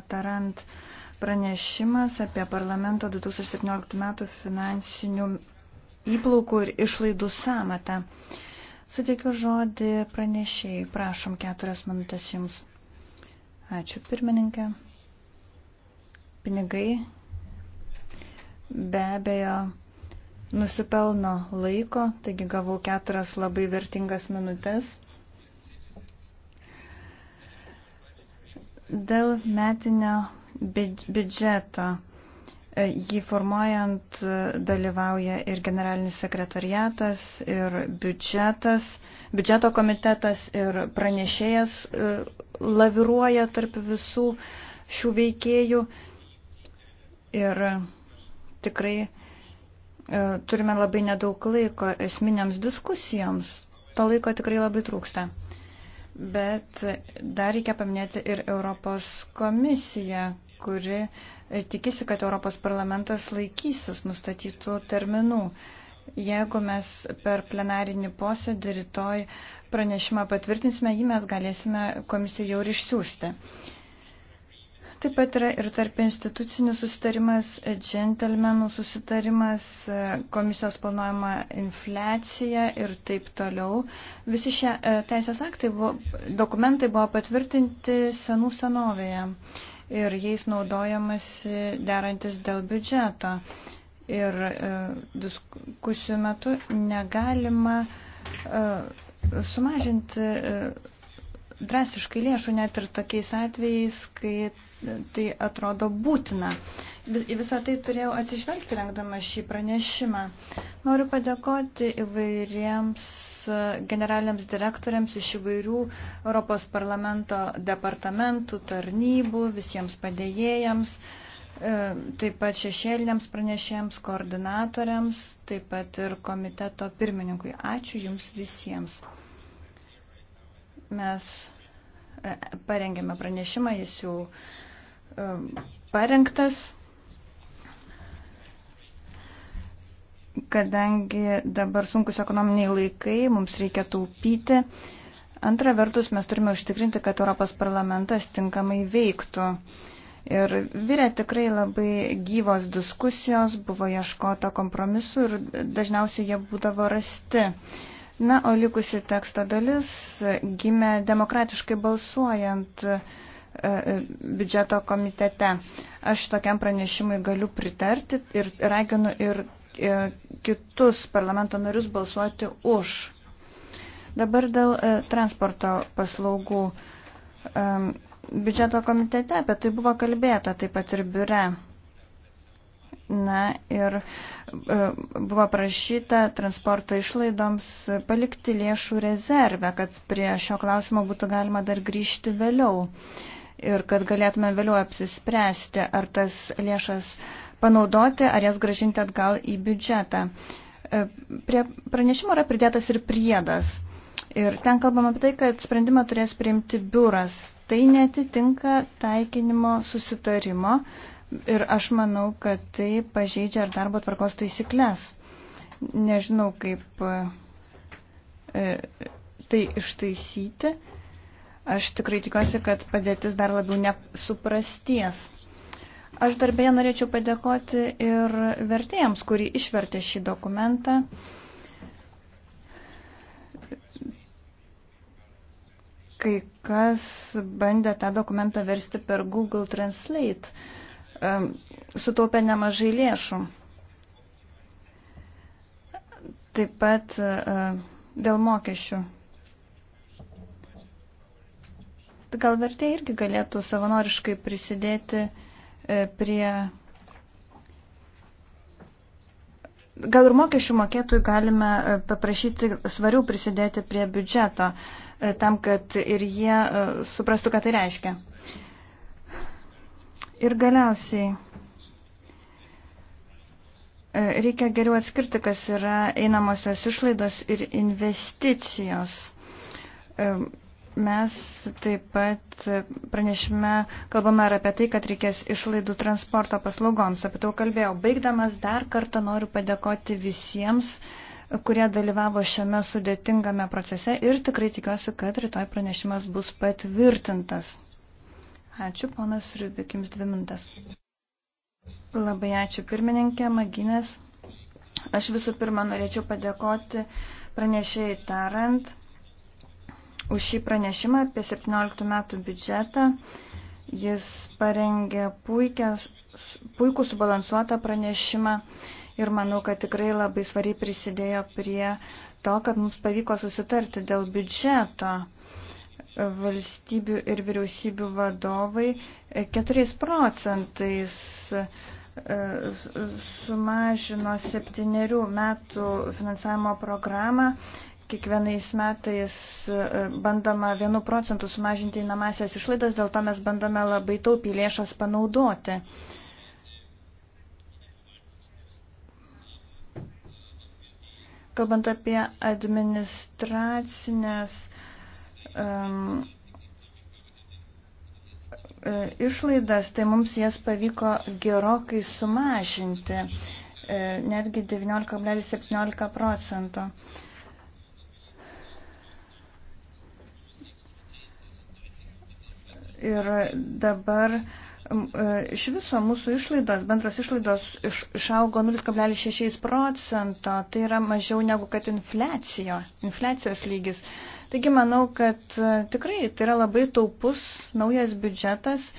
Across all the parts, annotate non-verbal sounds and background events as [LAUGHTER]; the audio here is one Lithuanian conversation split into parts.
Tarant pranešimas apie parlamento 2017 metų finansinių įplaukų ir išlaidų samatą. Suteikiu žodį pranešėjai. Prašom, keturias minutės jums. Ačiū, pirmininkė. Pinigai be abejo nusipelno laiko, taigi gavau keturias labai vertingas minutės. Dėl metinio biudžeto e, jį formuojant e, dalyvauja ir generalinis sekretariatas, ir biudžetas, biudžeto komitetas, ir pranešėjas e, laviruoja tarp visų šių veikėjų. Ir tikrai turime labai nedaug laiko esminiams diskusijoms. To laiko tikrai labai trūksta. Bet dar reikia paminėti ir Europos komisiją, kuri tikisi, kad Europos parlamentas laikysis nustatytų terminų. Jeigu mes per plenarinį posėdį rytoj pranešimą patvirtinsime, jį mes galėsime komisijai jau ir išsiųsti. Taip pat yra ir tarp institucinis susitarimas, džentelmenų susitarimas, komisijos planuojama infliacija ir taip toliau. Visi šie e, teisės aktai, buvo, dokumentai buvo patvirtinti senų senovėje ir jais naudojamas derantis dėl biudžeto. Ir e, diskusijų metu negalima e, sumažinti drastiškai lėšų, net ir tokiais atvejais, kai tai atrodo būtina. Į visą tai turėjau atsižvelgti rengdama šį pranešimą. Noriu padėkoti įvairiems e, generaliniams direktoriams iš įvairių Europos parlamento departamentų, tarnybų, visiems padėjėjams, e, taip pat šešėliniams pranešėjams, koordinatoriams, taip pat ir komiteto pirmininkui. Ačiū Jums visiems mes parengėme pranešimą, jis jau um, parengtas, kadangi dabar sunkus ekonominiai laikai, mums reikia taupyti. Antra vertus, mes turime užtikrinti, kad Europos parlamentas tinkamai veiktų. Ir vyrė tikrai labai gyvos diskusijos, buvo ieškota kompromisų ir dažniausiai jie būdavo rasti. Uh, Na, o likusi teksto dalis gimė demokratiškai balsuojant e, e, biudžeto komitete. Aš tokiam pranešimui galiu pritarti ir raginu ir e, kitus parlamento narius balsuoti už. Dabar dėl transporto paslaugų. Biudžeto komitete apie tai buvo kalbėta taip pat ir biure. Na ir e, buvo prašyta transporto išlaidoms palikti lėšų rezervę, kad prie šio klausimo būtų galima dar grįžti vėliau ir kad galėtume vėliau apsispręsti, ar tas lėšas panaudoti, ar jas gražinti atgal į biudžetą. E, prie pranešimo yra pridėtas ir priedas. Ir ten kalbama apie tai, kad sprendimą turės priimti biuras. Tai netitinka taikinimo susitarimo, Ir aš manau, kad tai pažeidžia ir darbo tvarkos taisyklės. Nežinau, kaip e, tai ištaisyti. Aš tikrai tikiuosi, kad padėtis dar labiau nesuprasties. Aš darbėje norėčiau padėkoti ir vertėjams, kurį išvertė šį dokumentą. Kai kas bandė tą dokumentą versti per Google Translate sutaupė nemažai lėšų. Taip pat dėl mokesčių. Gal vertė irgi galėtų savanoriškai prisidėti e, prie. Gal ir mokesčių mokėtojų galime e, paprašyti svarių prisidėti prie biudžeto, e, tam, kad ir jie suprastų, ką tai reiškia. Ir galiausiai e, reikia geriau atskirti, kas yra einamosios išlaidos ir investicijos. E, mes taip pat pranešime kalbame ir apie tai, kad reikės išlaidų transporto paslaugoms. Apie tai kalbėjau. Baigdamas dar kartą noriu padėkoti visiems, kurie dalyvavo šiame sudėtingame procese ir tikrai tikiuosi, kad rytoj pranešimas bus patvirtintas. Ačiū, ponas Rubik, jums dvi mintas. Labai ačiū pirmininkė Maginės. Aš visų pirma norėčiau padėkoti pranešėjai Tarant už šį pranešimą apie 17 metų biudžetą. Jis parengė puikia, puikų subalansuotą pranešimą ir manau, kad tikrai labai svariai prisidėjo prie to, kad mums pavyko susitarti dėl biudžeto valstybių ir vyriausybių vadovai 4 e, procentais e, sumažino septyniarių metų finansavimo programą. Kiekvienais metais e, bandoma 1 procentų sumažinti įnamasias išlaidas, dėl to mes bandome labai taupiai lėšas panaudoti. Kalbant apie administracinės uh, um, išlaidas, tai mums jas pavyko gerokai sumažinti, e, netgi 19,17 procento. Ir dabar uh, E, iš viso mūsų išlaidos, bendros išlaidos iš, išaugo 0,6 procento, tai yra mažiau negu kad infliacijo, infliacijos lygis. Taigi manau, kad e, tikrai tai yra labai taupus naujas biudžetas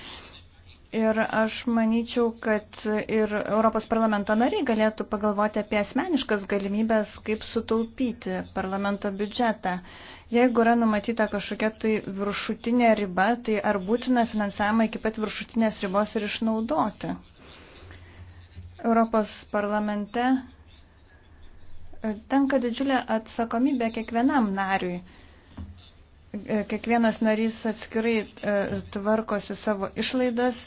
Ir aš manyčiau, kad ir Europos parlamento nariai galėtų pagalvoti apie asmeniškas galimybės, kaip sutaupyti parlamento biudžetą. Jeigu yra numatyta kažkokia tai viršutinė riba, tai ar būtina finansavimą iki pat viršutinės ribos ir išnaudoti. Europos parlamente e, tenka didžiulė atsakomybė kiekvienam nariui e, kiekvienas narys atskirai e, tvarkosi savo išlaidas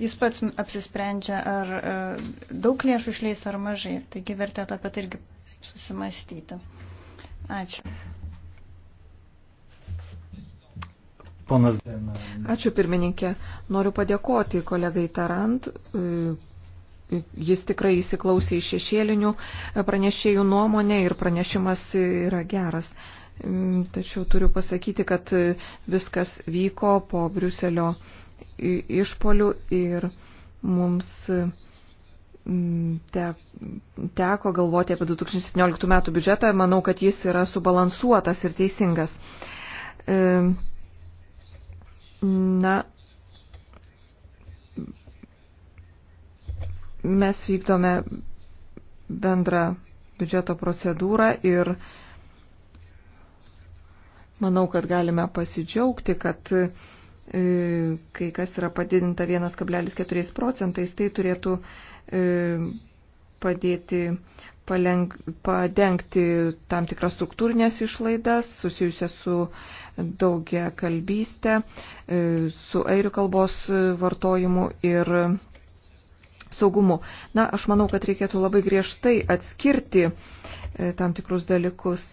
Jis pats apsisprendžia, ar e, daug lėšų išleis ar mažai. Taigi vertėtų apie tai irgi susimastyti. Ačiū. Ponas. Ačiū pirmininkė. Noriu padėkoti kolegai Tarant. E, jis tikrai įsiklausė į šešėlinių pranešėjų nuomonę ir pranešimas yra geras. E, tačiau turiu pasakyti, kad viskas vyko po Briuselio išpolių ir mums mm, te, teko galvoti apie 2017 metų biudžetą. Manau, kad jis yra subalansuotas ir teisingas. E, na, mes vykdome bendrą biudžeto procedūrą ir manau, kad galime pasidžiaugti, kad E, kai kas yra padidinta 1,4 procentais, tai turėtų e, padėti paleng, padengti tam tikras struktūrinės išlaidas susijusias su daugia kalbystė, e, su airių kalbos vartojimu ir saugumu. Na, aš manau, kad reikėtų labai griežtai atskirti tam tikrus dalykus.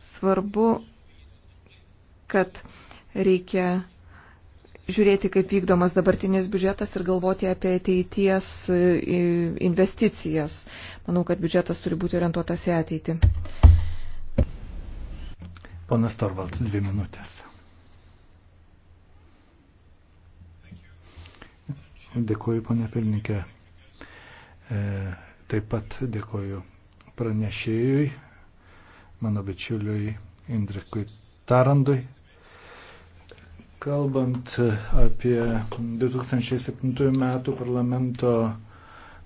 Svarbu kad reikia žiūrėti, kaip vykdomas dabartinis biudžetas ir galvoti apie ateities e, investicijas. Manau, kad biudžetas turi būti orientuotas į ateitį. Ponas Torvalds, dvi minutės. Dėkuoju, ponė Pilnikė. E, taip pat dėkuoju pranešėjui, mano bičiuliui Indrikui Tarandui Kalbant e, apie 2007 metų parlamento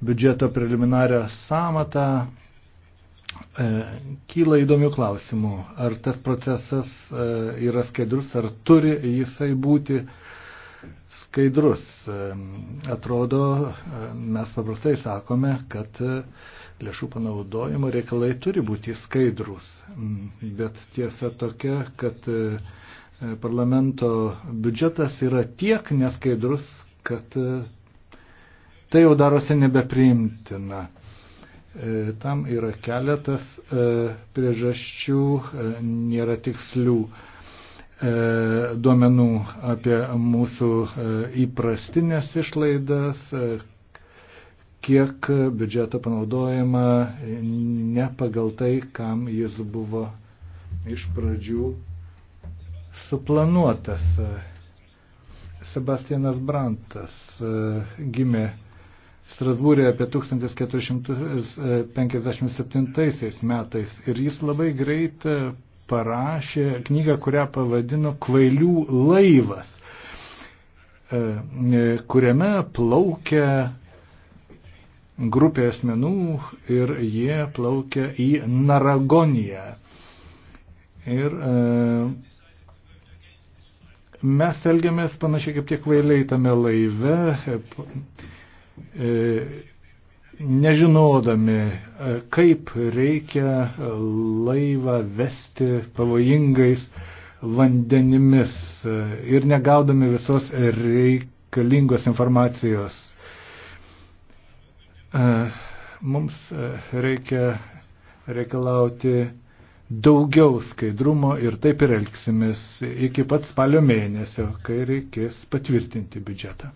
biudžeto preliminarią samatą, e, kyla įdomių klausimų. Ar tas procesas e, yra skaidrus, ar turi jisai būti skaidrus. E, atrodo, e, mes paprastai sakome, kad e, lėšų panaudojimo reikalai turi būti skaidrus. Mm, bet tiesa tokia, kad e, parlamento biudžetas yra tiek neskaidrus, kad e, tai jau darosi nebepriimtina. E, tam yra keletas e, priežasčių, nėra tikslių duomenų apie mūsų įprastinės išlaidas, kiek biudžeto panaudojama ne pagal tai, kam jis buvo iš pradžių suplanuotas. Sebastianas Brantas e, gimė Strasbūrė apie 1457 e, metais ir jis labai greit e, parašė knygą, kurią pavadino Kvailių laivas, kuriame plaukia grupė asmenų ir jie plaukia į Naragoniją. Ir e, Mes elgiamės panašiai kaip tie kvailiai tame laive, e, e, nežinodami, e, kaip reikia laivą vesti pavojingais vandenimis ir negaudami visos reikalingos informacijos. Mums reikia reikalauti daugiau skaidrumo ir taip ir elgsimės iki pat spalio mėnesio, kai reikės patvirtinti biudžetą.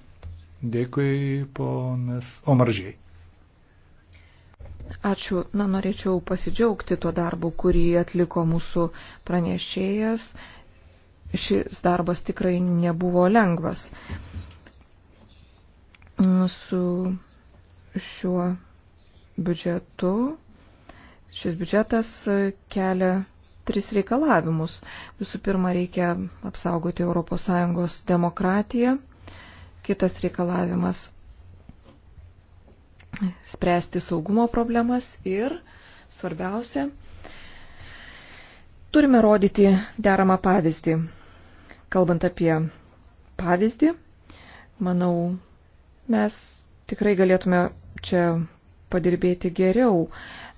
Dėkui, ponas Omaržiai. Ačiū. Na, norėčiau pasidžiaugti tuo darbu, kurį atliko mūsų pranešėjas. Šis darbas tikrai nebuvo lengvas. Su šiuo biudžetu Šis biudžetas e, kelia tris reikalavimus. Visų pirma, reikia apsaugoti ES demokratiją. Kitas reikalavimas - spręsti saugumo problemas. Ir svarbiausia, turime rodyti deramą pavyzdį. Kalbant apie pavyzdį, manau, mes tikrai galėtume čia padirbėti geriau.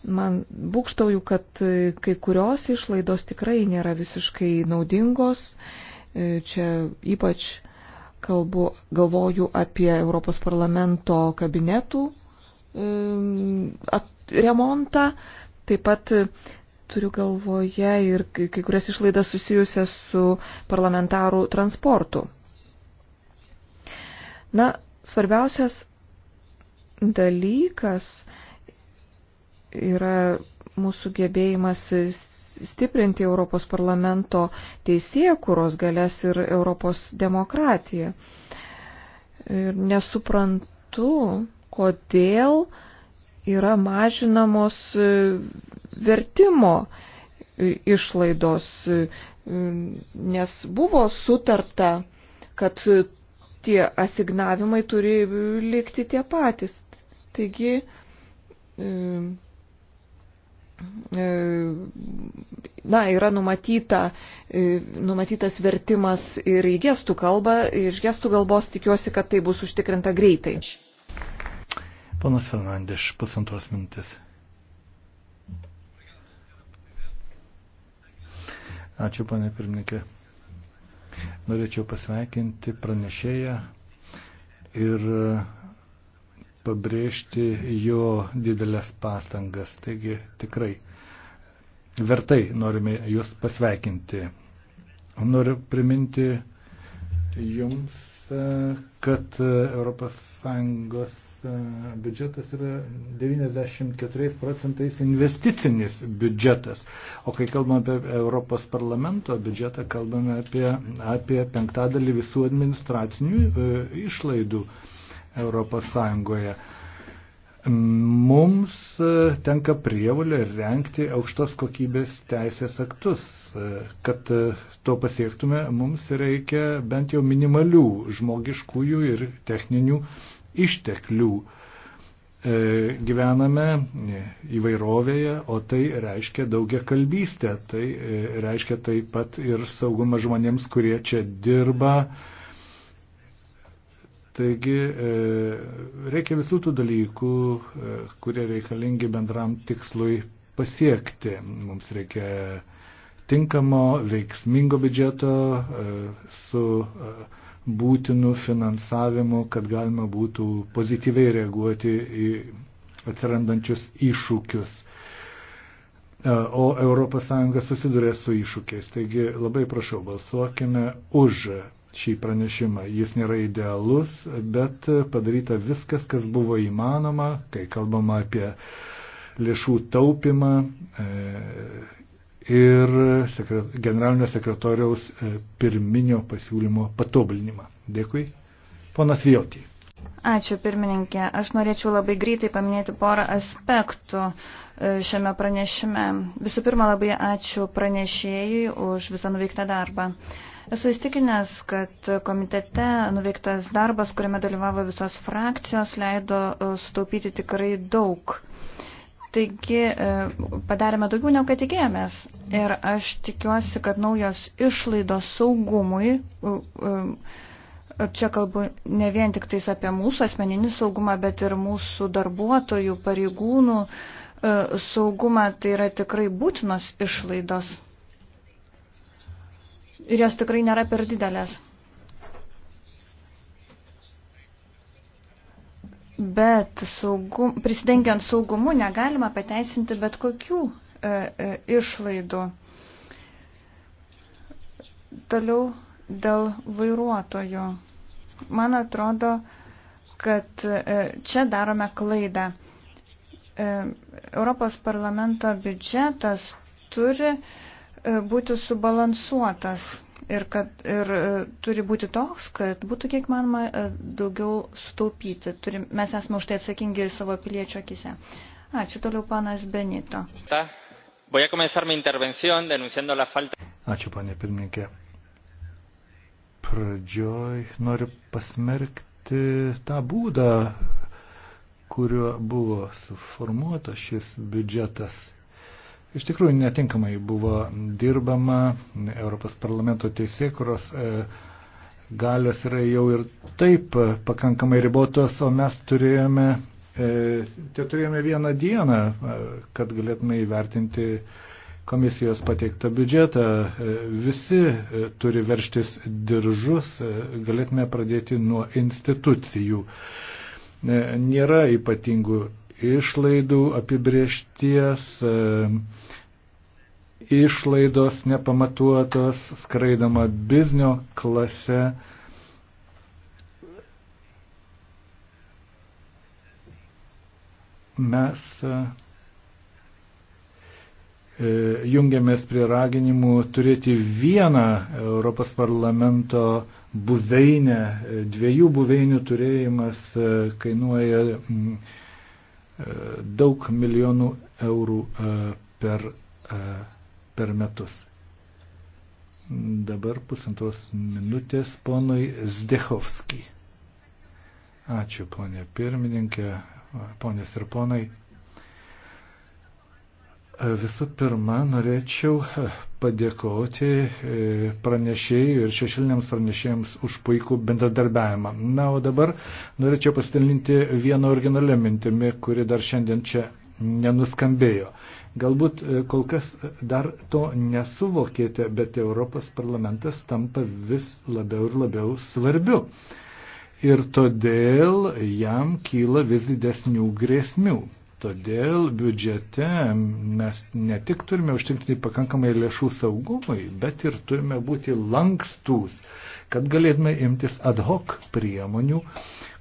Man būkštauju, kad e, kai kurios išlaidos tikrai nėra visiškai naudingos. E, čia ypač kalbu, galvoju apie Europos parlamento kabinetų e, remontą. Taip pat turiu galvoje ir kai kurias išlaidas susijusias su parlamentarų transportu. Na, svarbiausias dalykas, yra mūsų gebėjimas stiprinti Europos parlamento teisėkuros galės ir Europos demokratiją. Ir nesuprantu, kodėl yra mažinamos e, vertimo e, išlaidos, e, nes buvo sutarta, kad tie asignavimai turi likti tie patys. Taigi, E, na, yra numatyta, e, numatytas vertimas ir į gestų kalbą, iš gestų kalbos tikiuosi, kad tai bus užtikrinta greitai. Panas Fernandiš, pusantros mintis. Ačiū, panė pirmininkė. Norėčiau pasveikinti pranešėją ir pabrėžti jo didelės pastangas. Taigi tikrai vertai norime jūs pasveikinti. Noriu priminti jums, kad ES biudžetas yra 94 procentais investicinis biudžetas. O kai kalbame apie Europos parlamento biudžetą, kalbame apie, apie penktadalį visų administracinių e, išlaidų. E, Europos Sąjungoje. Mums e, tenka prievalė renkti aukštos kokybės teisės aktus. E, Kad e, to pasiektume, mums reikia bent jau minimalių žmogiškųjų ir techninių išteklių. Gyvename įvairovėje, o tai reiškia daugia kalbystę. Tai reiškia taip pat ir saugumą žmonėms, kurie čia dirba, Taigi e, reikia visų tų dalykų, e, kurie reikalingi bendram tikslui pasiekti. Mums reikia tinkamo, veiksmingo biudžeto e, su būtinu finansavimu, kad galima būtų pozityviai reaguoti į atsirandančius iššūkius. O ES susiduria su iššūkiais. Taigi labai prašau, balsuokime už šį pranešimą. Jis nėra idealus, bet padaryta viskas, kas buvo įmanoma, kai kalbama apie lėšų taupimą e, ir generalinio sekretoriaus e, pirminio pasiūlymo patobulinimą. Dėkui. Ponas Vijotį. Ačiū pirmininkė. Aš norėčiau labai greitai paminėti porą aspektų e, šiame pranešime. Visų pirma, labai ačiū pranešėjai už visą nuveiktą darbą. Uh, Esu įstikinęs, kad komitete nuveiktas darbas, kuriame dalyvavo visos frakcijos, leido e, sutaupyti tikrai daug. Taigi e, padarėme daugiau, negu kad tikėjomės. Ir aš tikiuosi, kad naujos išlaidos saugumui, čia kalbu ne vien tik tais apie mūsų asmeninį saugumą, bet ir mūsų darbuotojų, pareigūnų e, saugumą, tai yra tikrai būtinos išlaidos ir jos tikrai nėra per didelės. Bet saugum, prisidengiant saugumu negalima pateisinti bet kokių e, e, išlaidų. Toliau dėl vairuotojo. Man atrodo, kad e, čia darome klaidą. E, Europos parlamento biudžetas turi e, E, būti subalansuotas ir, kad, ir e, turi būti toks, kad būtų kiek manoma e, daugiau sutaupyti. Turim, mes esame už tai atsakingi savo piliečio akise. Ačiū toliau panas Benito. Ačiū, panė pirmininkė. Pradžioj noriu pasmerkti tą būdą, kuriuo buvo suformuotas šis biudžetas Iš tikrųjų netinkamai buvo dirbama, Europos parlamento teisėkuros e, galios yra jau ir taip pakankamai ribotos, o mes turėjome, e, te turėjome vieną dieną, e, kad galėtume įvertinti komisijos pateiktą biudžetą. Visi turi verštis diržus, galėtume pradėti nuo institucijų. Nėra ypatingų išlaidų apibriešties. E, išlaidos nepamatuotos, skraidama biznio klase. Mes e, e, jungiamės prie raginimų turėti vieną Europos parlamento buveinę. E, dviejų buveinių turėjimas kainuoja daug milijonų eurų per per metus. Dabar pusantros minutės ponui Zdechovskijai. Ačiū, ponė pirmininkė, ponės ir ponai. Visų pirma, norėčiau padėkoti pranešėjai ir šešiliniams pranešėjams už puikų bendradarbiavimą. Na, o dabar norėčiau pasidalinti vieną originalią mintimį, kuri dar šiandien čia nenuskambėjo. Galbūt e, kol kas e, dar to nesuvokėte, bet Europos parlamentas tampa vis labiau ir labiau svarbiu. Ir todėl jam kyla vis didesnių grėsmių. Todėl biudžete mes ne tik turime užtikrinti pakankamai lėšų saugumui, bet ir turime būti lankstūs, kad galėtume imtis ad hoc priemonių,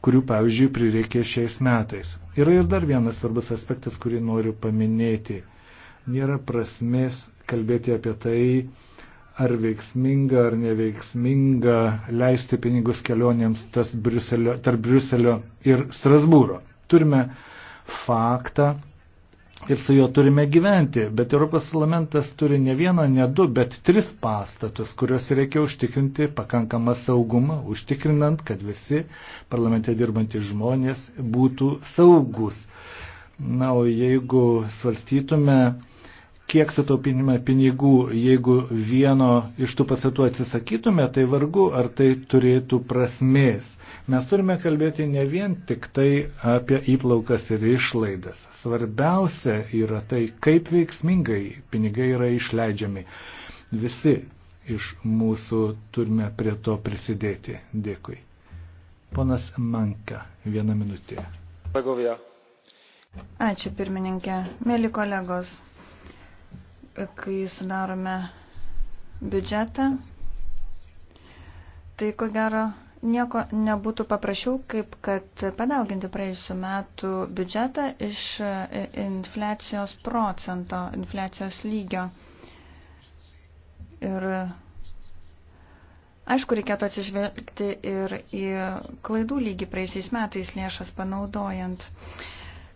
kurių, pavyzdžiui, prireikė šiais metais. Yra ir dar vienas svarbus aspektas, kurį noriu paminėti. Nėra prasmės kalbėti apie tai, ar veiksminga ar neveiksminga leisti pinigus kelionėms Briuselio, tarp Briuselio ir Strasbūro. Turime faktą, ir su juo turime gyventi. Bet Europos parlamentas turi ne vieną, ne du, bet tris pastatus, kuriuos reikia užtikrinti pakankamą saugumą, užtikrinant, kad visi parlamente dirbantys žmonės būtų saugus. Na, o jeigu svarstytume, kiek sutaupinime pinigų, jeigu vieno iš tų pastatų atsisakytume, tai vargu ar tai turėtų prasmės. Mes turime kalbėti ne vien tik tai apie įplaukas ir išlaidas. Svarbiausia yra tai, kaip veiksmingai pinigai yra išleidžiami. Visi iš mūsų turime prie to prisidėti. Dėkui. Ponas Manka, vieną minutę. Ačiū pirmininkė. Mėly kolegos kai sudarome biudžetą, tai ko gero nieko nebūtų paprašiau, kaip kad padauginti praėjusiu metu biudžetą iš e, infliacijos procento, infliacijos lygio. Ir aišku, reikėtų atsižvelgti ir į klaidų lygį praeisiais metais lėšas panaudojant. Uh,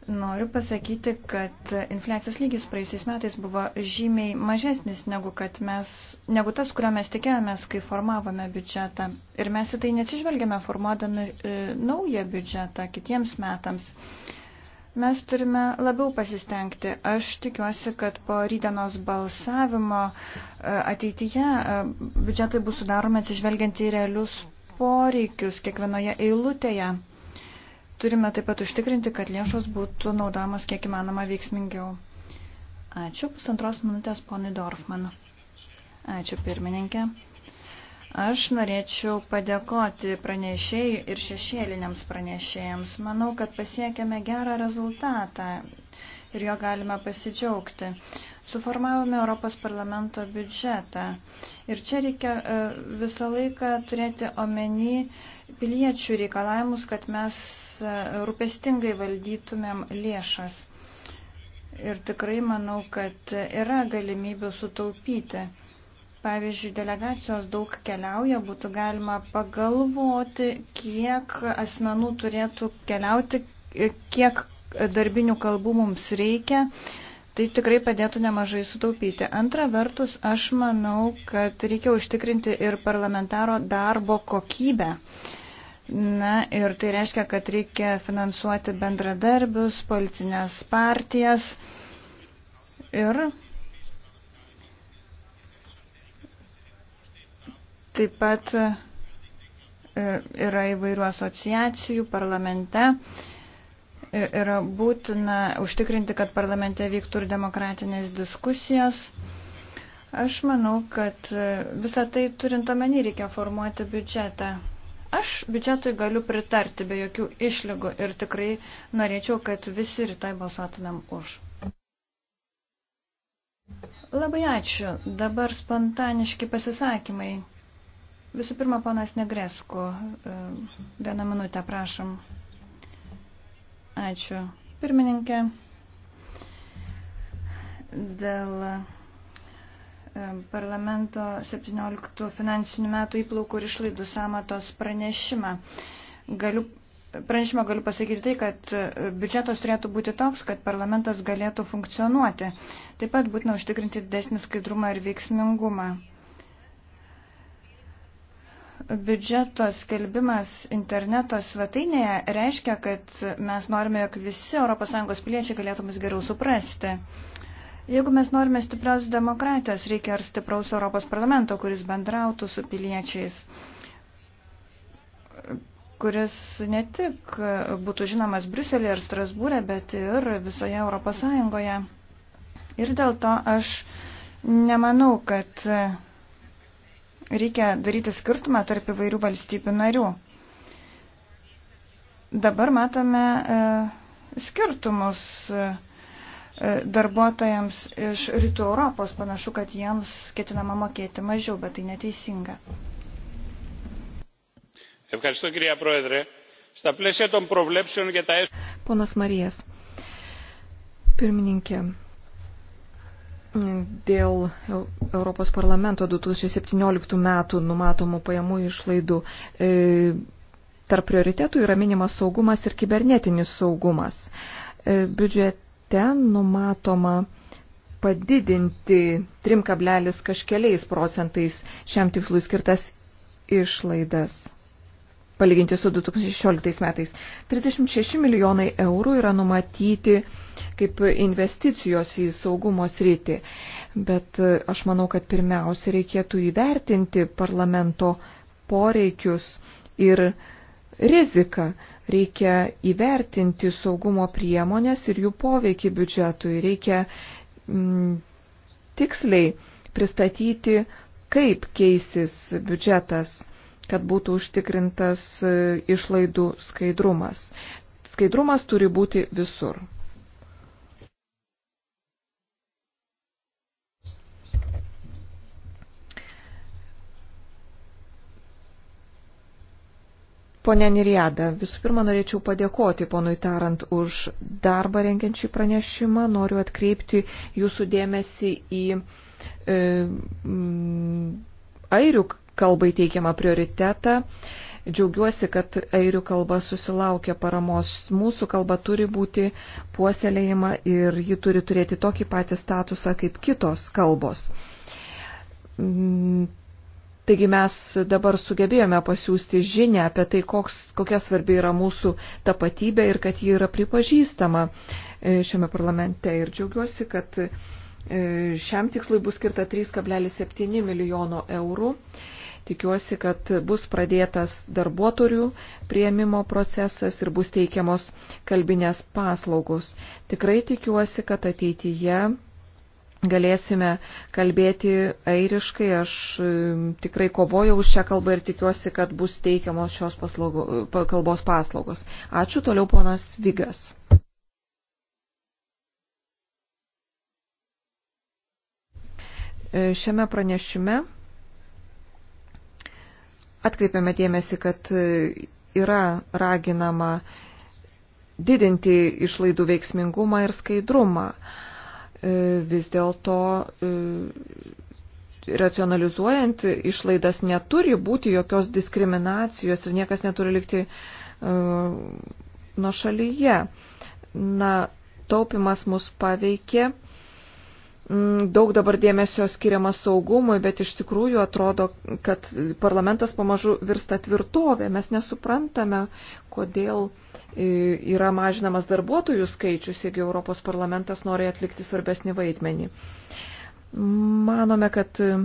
Noriu pasakyti, kad infliacijos lygis praeisiais metais buvo žymiai mažesnis negu, kad mes, negu tas, kurio mes tikėjomės, kai formavome biudžetą. Ir mes į tai neatsižvelgėme formuodami e, naują biudžetą kitiems metams. Mes turime labiau pasistengti. Aš tikiuosi, kad po rydienos balsavimo e, ateityje e, biudžetai bus sudaromi atsižvelgiant į realius poreikius kiekvienoje eilutėje. Turime taip pat užtikrinti, kad lėšos būtų naudojamos kiek įmanoma veiksmingiau. Ačiū. Pusantros minutės ponai Dorfman. Ačiū pirmininkė. Aš norėčiau padėkoti pranešėjai ir šešėliniams pranešėjams. Manau, kad pasiekėme gerą rezultatą ir jo galime pasidžiaugti. Suformavome Europos parlamento biudžetą ir čia reikia e, visą laiką turėti omeny, piliečių reikalavimus, kad mes e, rūpestingai valdytumėm lėšas. Ir tikrai manau, kad yra galimybių sutaupyti. Pavyzdžiui, delegacijos daug keliauja, būtų galima pagalvoti, kiek asmenų turėtų keliauti, e, kiek darbinių kalbų mums reikia. Tai tikrai padėtų nemažai sutaupyti. Antra vertus, aš manau, kad reikia užtikrinti ir parlamentaro darbo kokybę. Uh, Na ir tai reiškia, kad reikia finansuoti bendradarbius, politinės partijas ir taip pat e, yra įvairių asociacijų parlamente. E, yra būtina užtikrinti, kad parlamente vyktų ir demokratinės diskusijos. Aš manau, kad e, visą tai turint omeny reikia formuoti biudžetą. Aš biudžetui galiu pritarti be jokių išlygų ir tikrai norėčiau, kad visi rytoj balsuotumėm už. Labai ačiū. Dabar spontaniški pasisakymai. Visų pirma, ponas Negresko, e, vieną minutę prašom. Ačiū. Pirmininkė, dėl parlamento 17 finansinių metų įplaukų ir išlaidų samatos pranešimą. Galiu, pranešimą galiu pasakyti tai, kad biudžetas turėtų būti toks, kad parlamentas galėtų funkcionuoti. Taip pat būtina užtikrinti didesnį skaidrumą ir veiksmingumą. Biudžeto skelbimas interneto svetainėje reiškia, kad mes norime, jog visi ES piliečiai galėtų mus geriau suprasti. Jeigu mes norime stiprios demokratijos, reikia ir stipraus Europos parlamento, kuris bendrautų su piliečiais, kuris ne tik būtų žinomas Bruselėje ir Strasbūrė, bet ir visoje Europos Sąjungoje. Ir dėl to aš nemanau, kad reikia daryti skirtumą tarp įvairių valstybių narių. Dabar matome e, skirtumus. E, E, darbuotojams iš rytų Europos. Panašu, kad jiems ketinama mokėti mažiau, bet tai neteisinga. Ponas Marijas, pirmininkė, dėl Europos parlamento 2017 metų numatomų pajamų išlaidų e, tarp prioritetų yra minimas saugumas ir kibernetinis saugumas. E, biudžet ten numatoma padidinti 3 kablelis kažkeliais procentais šiam tikslui skirtas išlaidas. Palyginti su 2016 metais. 36 milijonai eurų yra numatyti kaip investicijos į saugumo sritį. Bet e, aš manau, kad pirmiausia reikėtų įvertinti parlamento poreikius ir riziką. Reikia įvertinti saugumo priemonės ir jų poveikį biudžetui. Reikia mm, tiksliai pristatyti, kaip keisis biudžetas, kad būtų užtikrintas e, išlaidų skaidrumas. Skaidrumas turi būti visur. Pone Niriada, visų pirma norėčiau padėkoti ponui Tarant už darbą rengiančią pranešimą. Noriu atkreipti jūsų dėmesį į e, airių kalbai teikiamą prioritetą. Džiaugiuosi, kad airių kalba susilaukia paramos. Mūsų kalba turi būti puoselėjama ir ji turi turėti tokį patį statusą kaip kitos kalbos Taigi mes dabar sugebėjome pasiūsti žinę apie tai, koks, kokia svarbi yra mūsų tapatybė ir kad ji yra pripažįstama e, šiame parlamente. Ir džiaugiuosi, kad e, šiam tikslui bus skirta 3,7 milijono eurų. Tikiuosi, kad bus pradėtas darbuotojų prieimimo procesas ir bus teikiamos kalbinės paslaugos. Tikrai tikiuosi, kad ateityje galėsime kalbėti airiškai. Aš tikrai kovojau už šią kalbą ir tikiuosi, kad bus teikiamos šios paslaugo, kalbos paslaugos. Ačiū toliau ponas Vigas. E, šiame pranešime atkreipiame dėmesį, kad e, yra raginama didinti išlaidų veiksmingumą ir skaidrumą. Uh, E, vis dėlto e, racionalizuojant išlaidas neturi būti jokios diskriminacijos ir niekas neturi likti e, nuo šalyje. Na, taupimas mus paveikė Mm, daug dabar dėmesio skiriama saugumui, bet iš tikrųjų atrodo, kad parlamentas pamažu virsta tvirtovė. Mes nesuprantame, kodėl e, yra mažinamas darbuotojų skaičius, jeigu Europos parlamentas nori atlikti svarbesnį vaidmenį. Manome, kad e,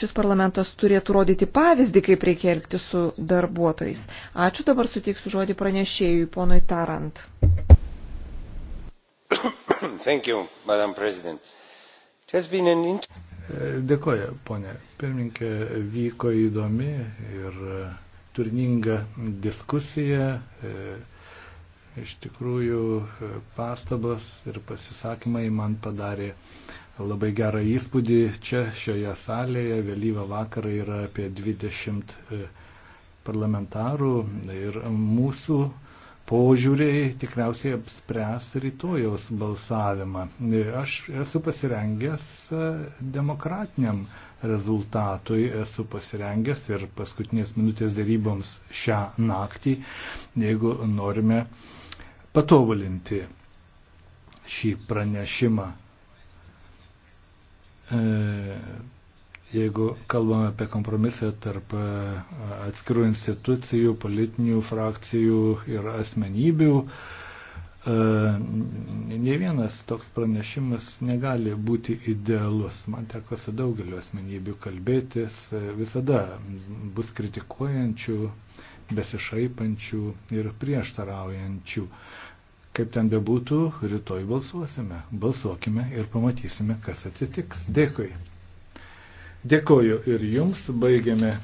šis parlamentas turėtų rodyti pavyzdį, kaip reikia elgti su darbuotojais. Ačiū dabar sutiksiu žodį pranešėjui, ponui Tarant. [COUGHS] You, an... Dėkoju, ponė. Pirmininkė, vyko įdomi ir e, turninga diskusija. E, iš tikrųjų, e, pastabas ir pasisakymai man padarė labai gerą įspūdį. Čia, šioje salėje, vėlyvą vakarą yra apie 20 parlamentarų ir mūsų požiūriai tikriausiai apspręs rytojaus balsavimą. Aš esu pasirengęs e, demokratiniam rezultatui, esu pasirengęs ir paskutinės minutės daryboms šią naktį, jeigu norime patobulinti šį pranešimą. E, Jeigu kalbame apie kompromisą tarp e, atskirų institucijų, politinių frakcijų ir asmenybių, e, ne vienas toks pranešimas negali būti idealus. Man teko su daugeliu asmenybių kalbėtis, e, visada bus kritikuojančių, besišaipančių ir prieštaraujančių. Kaip ten bebūtų, rytoj balsuosime, balsuokime ir pamatysime, kas atsitiks. Dėkui. Dėkoju ir jums, baigiame.